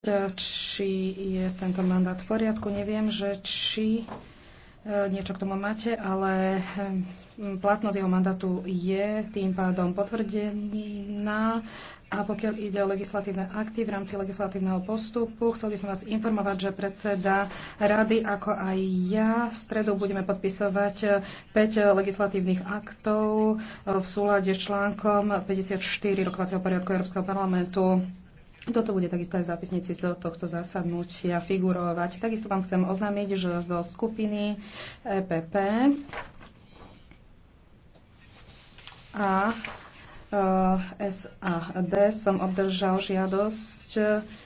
E, či je tento mandát v poriadku. Neviem, že či e, niečo k tomu máte, ale e, platnosť jeho mandátu je tým pádom potvrdená. A pokiaľ ide o legislatívne akty v rámci legislatívneho postupu, chcel by som vás informovať, že predseda rady, ako aj ja, v stredu budeme podpisovať 5 legislatívnych aktov v súlade s článkom 54 rokovacieho poriadku Európskeho parlamentu. Toto bude takisto aj zápisníci z tohto zasadnutia figurovať. Takisto vám chcem oznámiť, že zo skupiny EPP a e, SAD som obdržal žiadosť